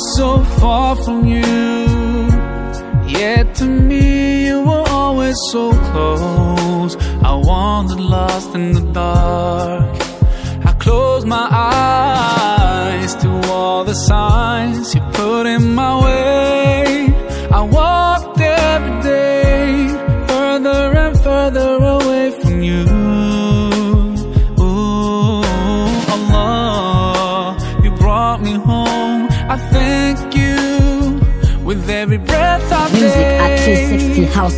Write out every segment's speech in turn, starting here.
so far from you. Yet to me, you were always so close. I wandered lost in the dark. I closed my eyes how-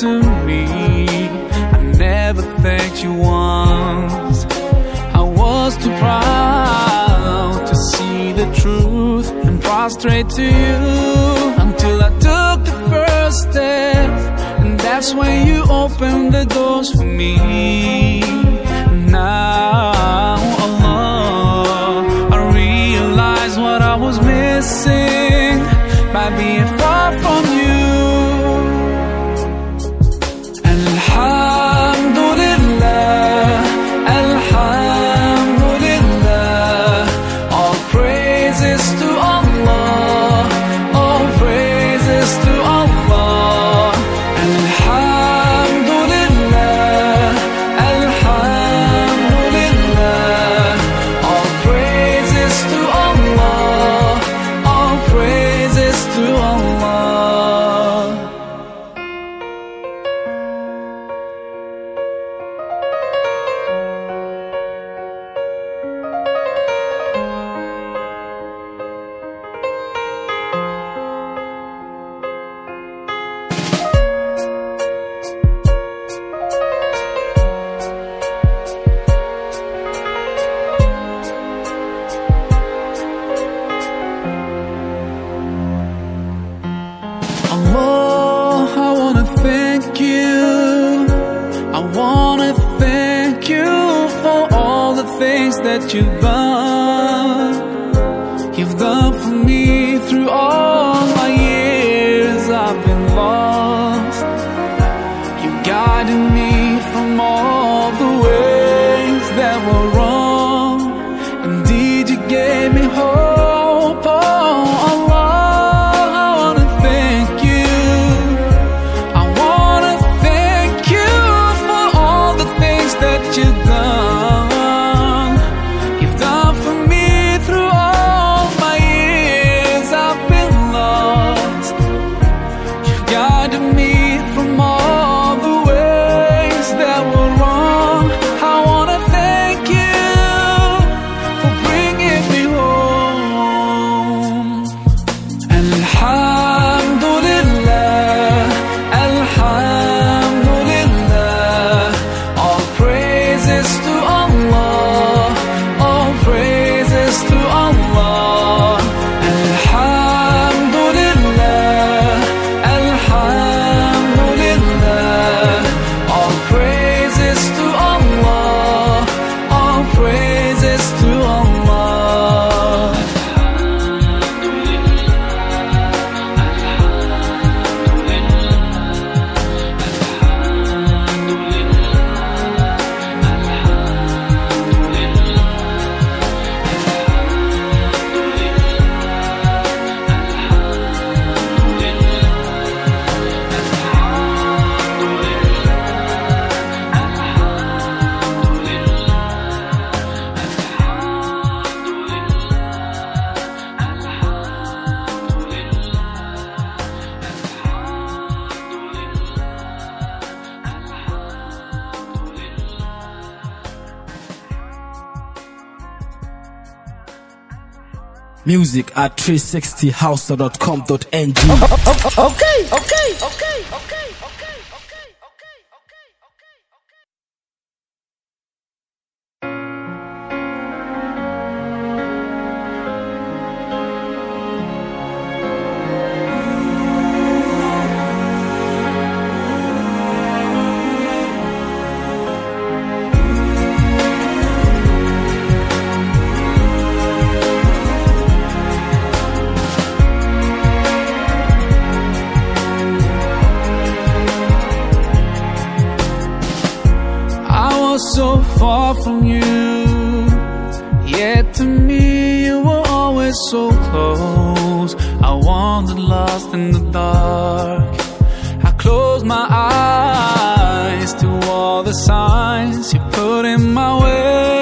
to me. I never thanked you once. I was too proud to see the truth and prostrate to you until I took the first step. And that's when you opened the doors for me. Now, Allah, I realize what I was missing by being. you gone. You've gone for me through all my years. I've been lost. You guided me from all the ways that were wrong. To me Music at 360house.com.ng. Okay, okay, okay, okay. so far from you. Yet to me, you were always so close. I wandered lost in the dark. I closed my eyes to all the signs you put in my way.